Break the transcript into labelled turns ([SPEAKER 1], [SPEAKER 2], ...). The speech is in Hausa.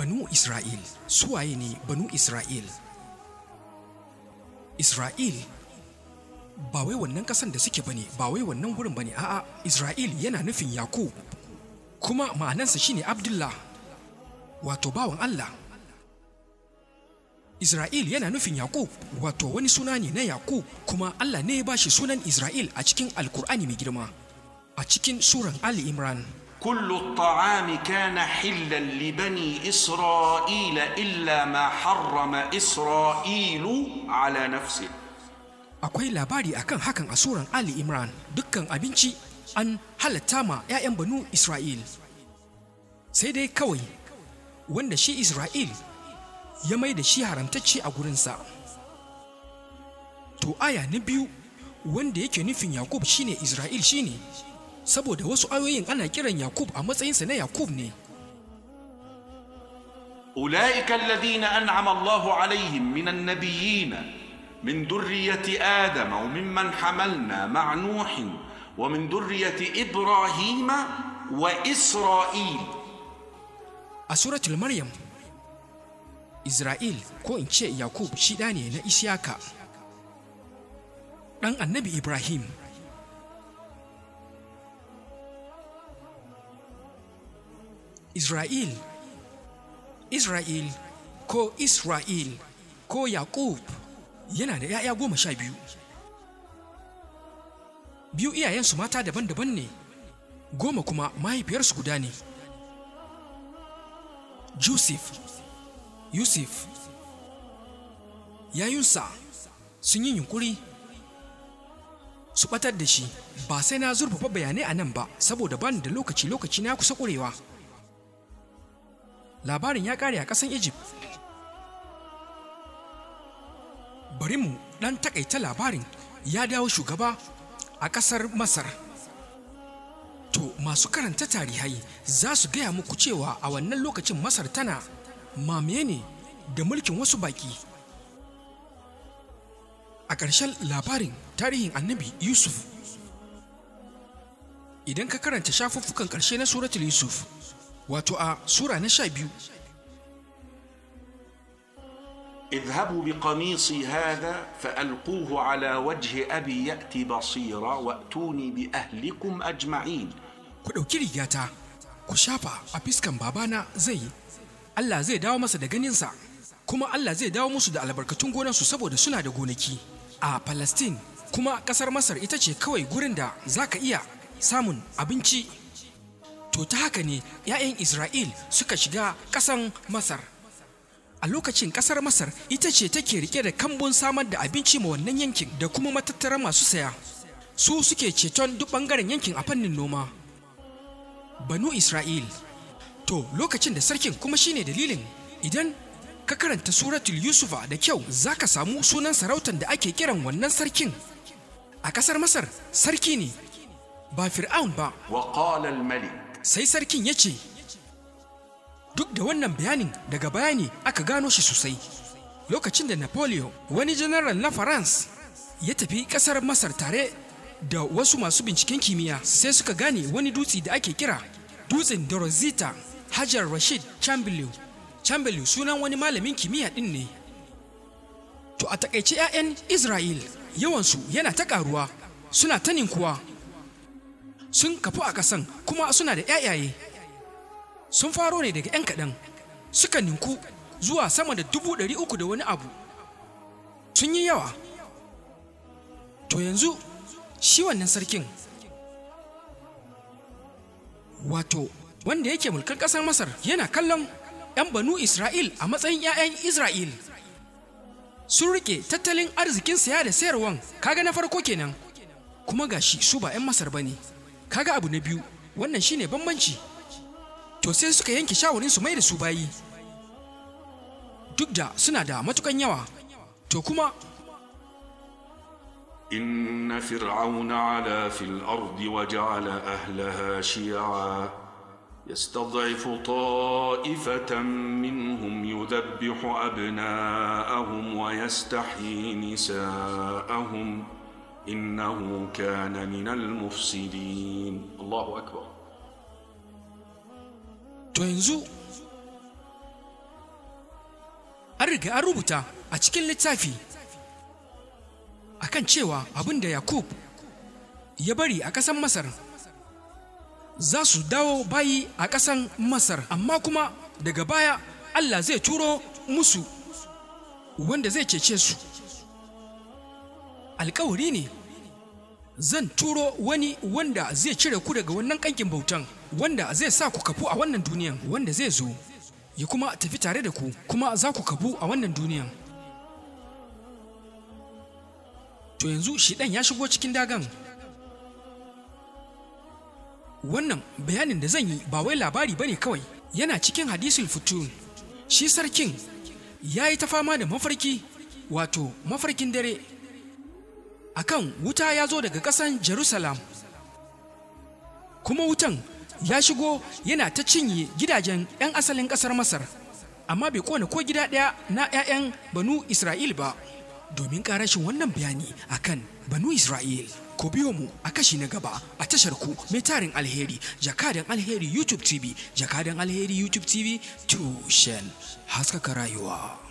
[SPEAKER 1] banu Isra'il suwaye ne banu Isra'il Isra'il ba wai wannan kasan da suke bane ba wai wannan wurin bane a'a Isra'il yana nufin Yakub kuma ma'anansa shine Abdullah wato bawan Allah Isra'il yana nufin Yakub wato wani suna ne na Yakub kuma Allah ne ya bashi sunan Isra'il a cikin Alkur'ani mai girma a cikin suran Ali Imran كل الطعام كان حلا لبني Isra'ila, illa ما حرم إسرائيل على نفسه akwai labari akan hakan a suran Ali Imran dukkan abinci an halatta ma 'ya'yan banu Isra'il sai dai kawai wanda shi Isra'il ya mai da shi haramtacce a gurinsa to aya na biyu wanda yake nufin Yakub shine Isra'il shine saboda wasu ayoyin ana kiran Yakub a matsayinsa na Yakub ne أولئك الذين أنعم الله عليهم من النبيين من ذرية آدم وممن حملنا مع نوح ومن ذرية إبراهيم وإسرائيل سورة المريم إسرائيل ko in ce Yakub shi ɗa ne na Isiyaka ɗan annabi Ibrahim Israel Isra'il ko Isra'il ko Yaƙub yana da ‘ya'ya goma sha biyu biyu iyayensu mata daban-daban ne goma kuma mahaifiyarsu guda ne Joseph Yusuf yayunsa sun yi yunkuri su ɓatar da shi ba sai na zurfafa bayanai a nan ba saboda ban da lokaci-lokaci na kusa ƙurewa. labarin ya ƙare a ƙasan egypt bari mu ɗan takaita labarin ya dawo shugaba a ƙasar masar to masu karanta tarihai za su gaya muku cewa a wannan lokacin masar tana mamaye ne da mulkin wasu baƙi a ƙarshen labarin tarihin annabi yusuf idan ka karanta shafuffukan ƙarshe na suratul yusuf wato a sura na sha biyu اذهبوا بقميصي هذا فألقوه على وجه أبي يأتي بصيرا bi ahlikum ajma'in ku ɗauki rigata ku shafa a fiskan babana zai Allah zai dawo masa da ganinsa kuma Allah zai dawo musu da albarkatun gonansu saboda suna da gonaki a Palestine kuma ƙasar Masar ita ce kawai gurin da za ka iya samun abinci to ta haka ne 'ya'yan isra'il suka shiga ƙasan masar a lokacin ƙasar masar ita ce take rike da kambun samar da abinci ma wannan yankin da kuma matattara masu saya su suke ceton duk ɓangaren yankin a fannin noma banu isra'il to lokacin da sarkin kuma shine dalilin idan ka karanta suratul yusufa da kyau za ka samu sunan sarautar da ake kiran wannan sarkin a ƙasar masar sarki ne ba fir'aun ba wa malik sai sarkin ya ce duk da wannan bayanin daga bayani aka gano shi sosai lokacin da napoleon wani janaral na france ya tafi kasar masar tare da wasu masu binciken kimiyya sai suka gane wani dutse da ake kira dutsen dorozita hajar rashid chamberlain chamberlain sunan wani malamin kimiyya din ne to a takaice 'ya'yan israel yawansu yana ta karuwa suna ta ninkuwa sun kafu a ƙasan kuma suna da yayaye sun faro ne daga 'yan kaɗan suka ninku zuwa sama da dubu ɗari uku da wani abu sun yi yawa to yanzu shi wannan sarkin wato wanda yake mulkar ƙasar masar yana kallon 'yan banu isra'il a matsayin 'ya'yan isra'il sun rike tattalin arzikin saya da sayarwan kaga na farko kenan kuma gashi su ba 'yan masar ba ne kaga abu na biyu wannan shine bambanci to sai suka yanke shawarin su mai da su bayi duk da suna da matukan yawa to kuma إن فرعون علا في الأرض وجعل أهلها شيعا يستضعف طائفة منهم يذبح أبناءهم ويستحيي نساءهم إنه كان من المفسدين الله أكبر تنزو أرجع أربطة أتكلم لتافي akan cewa abin da Yakub ya bari a ƙasan Masar za su dawo bayi a ƙasan Masar amma kuma daga baya Allah zai turo musu wanda zai cece su alkawari ne zan turo wani wanda zai cire ku daga wannan kankin bautan wanda zai sa ku kafu a wannan duniyan wanda zai zo ya kuma tafi tare da ku kuma za ku kafu a wannan duniyan to yanzu shi dan ya shigo cikin dagan wannan bayanin da zan yi ba wai labari bane kawai yana cikin hadisin futun shi sarkin ya yi ta fama da mafarki wato mafarkin dare akan wuta ya zo daga ƙasan Jerusalem, kuma wutan ya shigo yana ta cinye gidajen ‘yan asalin ƙasar Masar, amma bai kone ko gida ɗaya na ‘ya'yan Banu Isra'il ba, domin ƙarashin wannan bayani akan Banu Isra'il. ko biyo mu a kashi na gaba a tashar ku mai tarin alheri, jakadan alheri YouTube TV, jakadan alheri YouTube TV, tushen haskaka rayuwa.